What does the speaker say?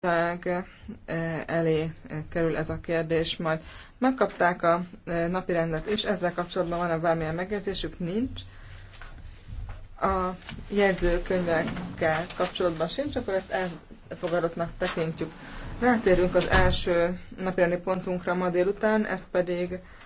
bizottság eh, elé eh, kerül ez a kérdés majd. Megkapták a eh, napi rendet, és ezzel kapcsolatban van-e bármilyen megjegyzésük? Nincs. A jegyzőkönyvekkel kapcsolatban sincs, akkor ezt elfogadottnak tekintjük. Rátérünk az első napirendi pontunkra ma délután, ez pedig